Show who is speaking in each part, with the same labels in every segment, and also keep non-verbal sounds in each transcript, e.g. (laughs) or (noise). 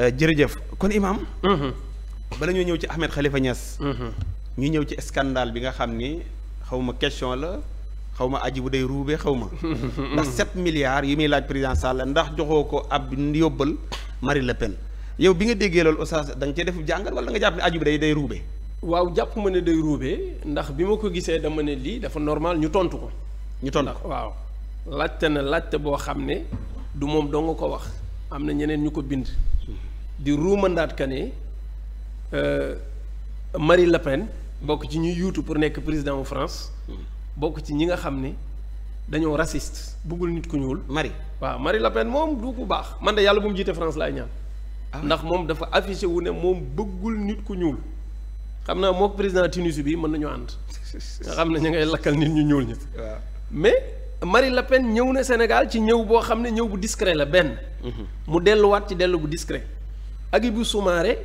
Speaker 1: Euh, jërëjëf kon imaam. Mm-hmm. bala ñoo ñëw ci Ahmed Khalifa Niass. Mm-hmm. ñu ñëw ci scandale bi nga xam ni xaw ma question la xaw ma aji bu day ruube xaw ma. Mm-hmm. ndax 7 milliards yi muy laaj président Sall ndax joxoo ko ab yóbbal Marie Le Pen yow bi nga déggee loolu oustaz da nga cee defu jàngal wala nga jàpp ne aji day day ruube. waaw jàpp ma ne day ruube ndax bi ma ko gisee dama ne lii dafa normal ñu tontu ko. ñu tontu ko waaw. laajte na laajte boo xam ne du moom doo ko wax am na ñeneen ñu ko bind. di ruumandaat que ne euh, Marine Le Pen bokk ci ñuy yuutu pour nekk président wu France bokk ci ñi nga xam ni dañoo rasiste bëggul nit ku ñuul. Marie waaw Marie Le Pen moom du ku baax man de yàlla bu mu jiite France laay ñaan. Ah. ndax moom dafa affiché wu ne moom bëggul nit ku ñuul. xam naa mook président Tunisie bi mën nañu ànd. nga xam ne ñu ngay lakkal nit ñu ñuul ñi. mais Marie Le Pen ñëw na Sénégal ci ñëw boo xam ne ñëw bu discret la benn. Mhm. mu delluwaat ci dellu bu agi bu Soumaré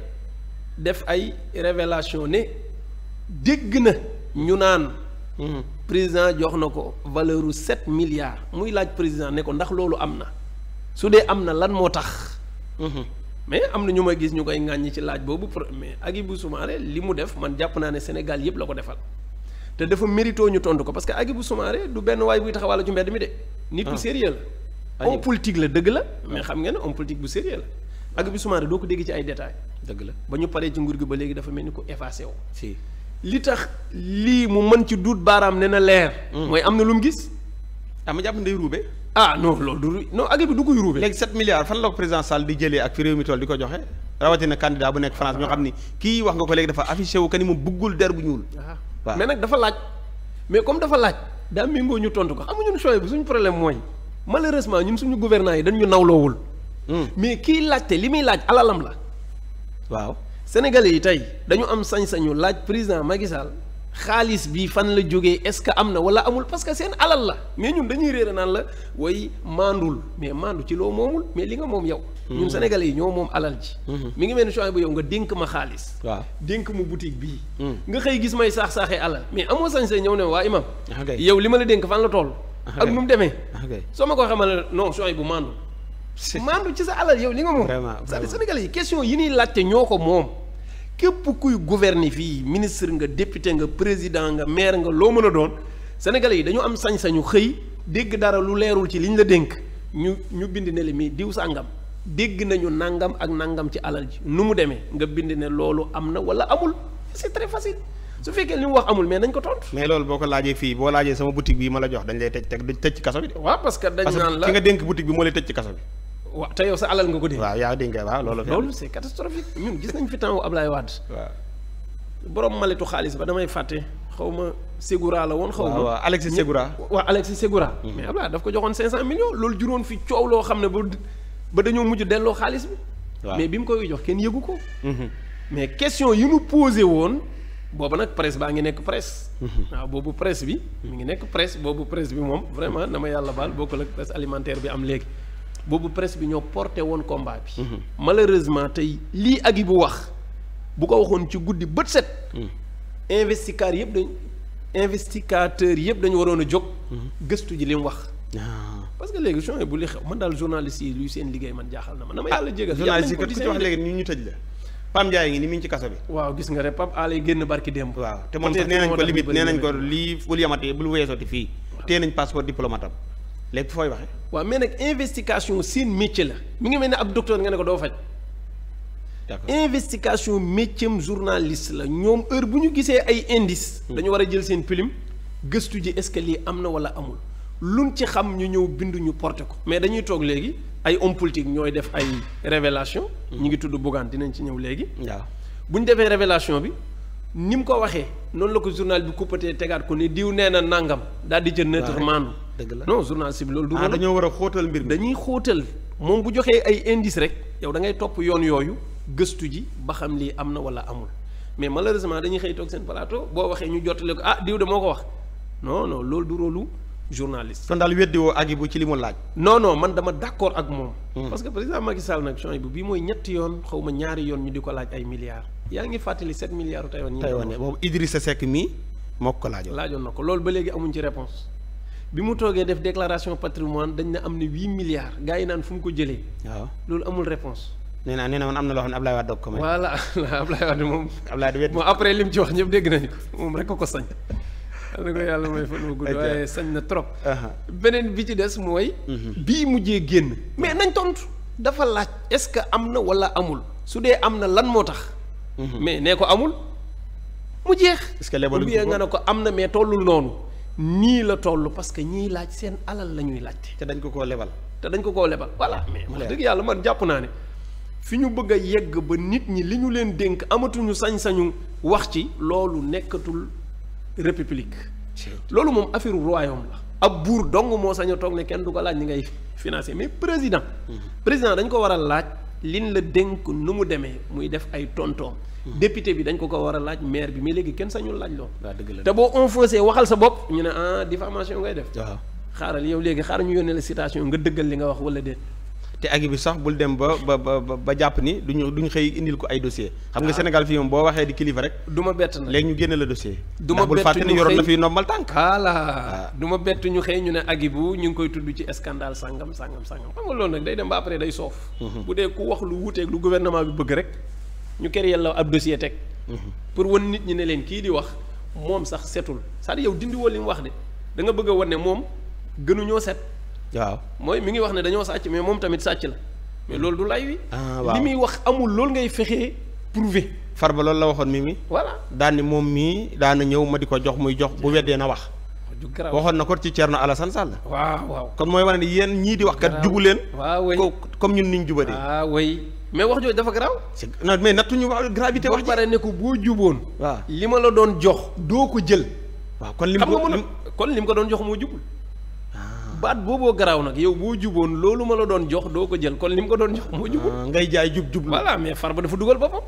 Speaker 1: def ay révélation ne dégg na ñu naan hmm. président jox na ko valeur u sept milliards muy laaj président ne ko ndax loolu am na su dee am na lan moo tax hmm. mais am na ñu ma gis ñu koy ŋàññi ci laaj boobu mais bu Soumaré li mu def man jàpp naa ne Sénégal yëpp la ko defal te dafa mérito ñu tontu ko parce que bu Soumaré du benn waay buy taxawal cu mbedd mi de nit bu ah. sérieux la homme politique la dëgg la mais ah. xam ngeen ne homme politique bu sérieux Agibou Soumaré doo ko dégg ci ay détails. dëgg la ba ñu paree ci nguur gi ba léegi dafa mel ni ku effacé wu. si li tax lii mu mën ci duut baaraam ne na leer. Hmm. mooy am na lu mu gis. ah ma jàpp ne day ruube. ah non loolu du non Agibou du koy ruube. léegi 7 milliards fan la ko président Sall di jëlee ak fi mi toll di ko joxe rawatina candidat bu nekk France ñoo xam ni kii wax nga ko léegi dafa affiché wu que ni mu bëggul der bu ñuul. waaw mais nag dafa laaj dafa laaj daa méngoo ñu tontu ko xam nga ñun choix mooy malheureusement ñun suñu gouvernants yi dañ ñu nawloowul Mm. mais kii laajte li muy laaj alalam la waaw sénégalais yi tey dañu am sañ-sañu laaj président Macky Sall xaalis bi fan la jógee est-ce que am na wala amul parce que seen alal la mais ñun dañuy réer naan la way maandul mais maandu ci loo moomul mais li nga moom yow. Mm. ñun sénégalais yi ñoo moom alal ji. Mm-hmm. mi ngi mel ni choix bu yow nga dénk ma xaalis. waaw dénk mu boutique bii. Mm. nga xëy gis may saax saaxee alal mais amoo sañ-sañ ñëw ne waa imam yow li ma la dénk fan la tool ak nu mu demee. soo ma ko xamal non choix bu maandul. maandu ci sa alal yow li nga moom c'est-à-dire yi question yi ñuy laajte ñoo ko moom képp kuy gouverner fii ministre nga député nga président nga maire nga loo mën a doon sénégalais yi dañu am sañ-sañu xëy dégg dara lu leerul ci li ñu la dénk ñu ñu bind ne li mii diw sàngam dégg nañu nangam ak nangam ci alal ji nu mu demee nga bind ne loolu am na wala amul c'est très facile su fekkee li mu wax amul mais nañ ko tontu. mais loolu boo ko laajee fii boo ci kaso waaw te yow sa alal nga ko dénk. waaw yaa dénk waaw loolu. loolu c'est catastrophique ñun gis nañ fi temps Ablaye Wade. waaw borom maletu xaalis ba damay fàtte xaw ma Ségura la woon. xaw ma waaw Alexis Ségura. waaw Alexis Ségura. Mm-hmm. mais Ablaye daf ko joxoon 500 millions loolu juróon fi coow loo xam ne ba ba dañoo mujj delloo xaalis bi. mais bi mu koy jox kenn yëgu ko. Mm-hmm. mais question yi ñu posé woon. boobu nag presse baa ngi nekk presse. Mm-hmm. waaw boobu presse bi. mu ngi nekk presse boobu presse bi moom vraiment dama yàlla baal bokkul alimentaire bi am léegi. boobu presse bi ñoo porté woon combat bi. Mhm. malheureusement tey lii ak agi bu wax bu ko waxoon ci guddi bët set. Mhm. investigateurs yëpp dañ investigateurs yëpp dañu waroon a jóg. Mhm. gëstu ji li mu wax. Ah. parce que léegi changement bu li xew man daal journaliste yi luy seen liggéey man jaaxal na ma. na ma ah, yàlla jégal journaliste yi ku ci wax léegi ñu tëj la. Pam Ndiaye ngi ni mi ci kaso bi. waaw gis nga rek Pam Alé génn barki démb. waaw te moom nee nañ ko limite nee nañ ko lii bul fii. tee nañ passeport diplomate am lépp fooy waxee. waa mais nag investigation seen métier la mi ngi mel ne ab docteur nga ne ko doo faj. d'accord investigation métier am journaliste la ñoom heure bu ñu gisee ay indice hmm. dañu war a jël seen pilim gëstu ji est-ce que lii am na wala amul luñ ci xam ñu ñëw binduñu ñu porté ko mais dañuy toog léegi ay homme politique ñooy def ay révélation hmm. ñu ngi tudd Bougane dinañ ci ñëw léegi. waaw bu ñu defee révélation bi ni mu ko waxee noonu la ko journal bi coupatee tegaat ko ni diw nee na nangam daal di jël neutre maandu dëgg la non journaliste bi loolu du. ah dañoo war a xóotal mbir mi dañuy xootal moom bu joxee ay indice rek yow da ngay topp yoon yooyu gëstu ji ba xam lii am na wala amul mais malheureusement dañuy xëy toog seen plateau boo waxee ñu jottale ko ah diw de moo ko wax non loolu du rôle journaliste. kon daal weddi woo agi bu ci li mu laaj. non non man dama d'accord ak moom. Hmm. parce que président Macky Sall nag change bi bii mooy ñetti yoon xaw ma ñaari yoon ñu di ko laaj ay milliards. yaa ngi fàttali sept milliards u Taïwan. Taïwan boobu Idrissa Seck mii moo ko laajoon. laajoon na ko loolu ba léegi amuñ ci réponse bi mu toogee def déclaration patrimoine dañ na am na huit milliards gars yi naan fu mu ko jëlee. waaw loolu amul réponse nee na am na loo ne Ablaye Wade doog ko may. voilà (laughs) Ablaye Wade moom. Ablaye Wade moom après li mu wax ñëpp ko moom yàlla mooy fan waaye sañ na trop. Uh-huh. beneen bi ci des mooy. Mm-hmm. bii mu mujjee génn. mais nañ tontu dafa laaj est-ce que am na wala amul su dee am na lan moo tax. Mm-hmm. mais ne ko amul mu jeex. est-ce que lebaluñ ko nga ne ko am na mais tollul noonu. nii la toll parce que ñiy laaj seen alal la ñuy laajte. te dañ ko koo lebal. te dañ ko koo lebal voilà. mais wax dëgg yàlla man jàpp naa ne fi ñu bëgg a yegg ba nit ñi li ñu leen dénk amatuñu sañ-sañu wax ci loolu nekkatul république. loolu moom affaire royaume la. ab buur dong moo sañ a toog ne kenn du ko laaj ñi ngay financé mais président. Mm-hmm. président dañ ko waral laaj. lin la dénk nu mu demee muy def ay tontoom. député bi dañ ko ko war a laaj maire bi mais léegi kenn sañul laaj loo. te boo enfoncé waxal sa bopp ñu ne ah diffamation ngay def. waaw xaaral yow léegi xaaral ñu yónnee la citation nga dëggal li nga wax wala déet. te agi bi sax bul dem ba ba ba jàpp ni duñu ñu xëy indil ko ay dossier xam nga ah. Sénégal fii moom boo waxee di kilifa rek du ma bett na léegi ñu génne la dossier du ma bul fàtte ni na fii tànk voilà ah. du ma bett ñu xëy ñu ne agi bu ñu ngi koy tudd ci scandale sangam sàngam sangam xam nga loolu nag day dem ba après day soof mhm. bu dee ku wax lu wuuteeg lu gouvernement bi bëgg rek ñu ker yàlla ab dossier teg mhm. pour wan nit ñi ne leen kii di wax moom sax setul c'est-à-dire yow dindi woo li wax de da nga bëgg a wan ne moom gënuñoo set waaw mooy mi ngi wax ne dañoo sàcc mais moom tamit sàcc la mais loolu du lay wi. Ah, li muy wax amul loolu ngay fexe prouver. Farba loolu la waxoon mi mi voilà daan moom mii daana ñëw ma di ko jox muy jox bu weddee na wax. waxoon na ko ci Thierno Alassane Sall. waaw waaw kon mooy wane ni yéen ñii di wax kat jubu leen. waaw ko comme ñun niñ jubadee. waaw ah, way mais wax jooju dafa garaaw. c'est non mais nattuñu wax gravité wax ji. ba pare ne ko boo juboon. waaw li ma la doon jox doo ko jël. waaw kon lim ko kon lim ko doon jox moo jubul. baat booboo garaaw nag yow boo juboon loolu ma la doon jox doo ko jël kon li mu ko doon jox moo jubul ah, ngay jaay jub jub voilà mais Farba dafa dugal boppam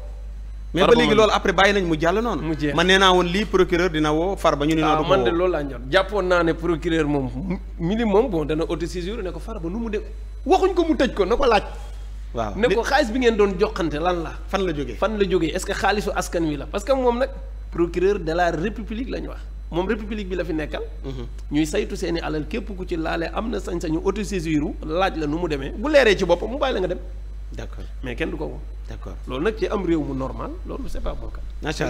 Speaker 2: mais ba léegi loolu
Speaker 1: après bàyyi nañ mu jàll noonu mu jeex man nee naa woon lii procureur dina woo Farba ñu ne naa ah, man loolu laa njot jàppoon naa ne procureur moom minimum bon dana auto-saisir ne ko ba nu mu de waxuñ ko mu tëj ko na ko laaj waaw ne ko xaalis bi ngeen doon joxante lan la fan la jóge fan la jógee est xaalisu askan wi la parce que moom nag procureur de la république la ñu wax moom république bi la fi nekkal. ñuy saytu seeni alal képp ku ci laale am na sañ-sañu autosaisir laaj la nu mu demee bu leeree ci boppam mu bàyyi la nga dem. d' mais kenn du ko woon. d' loolu nag ci am réew mu normal loolu c' est pas bon. macha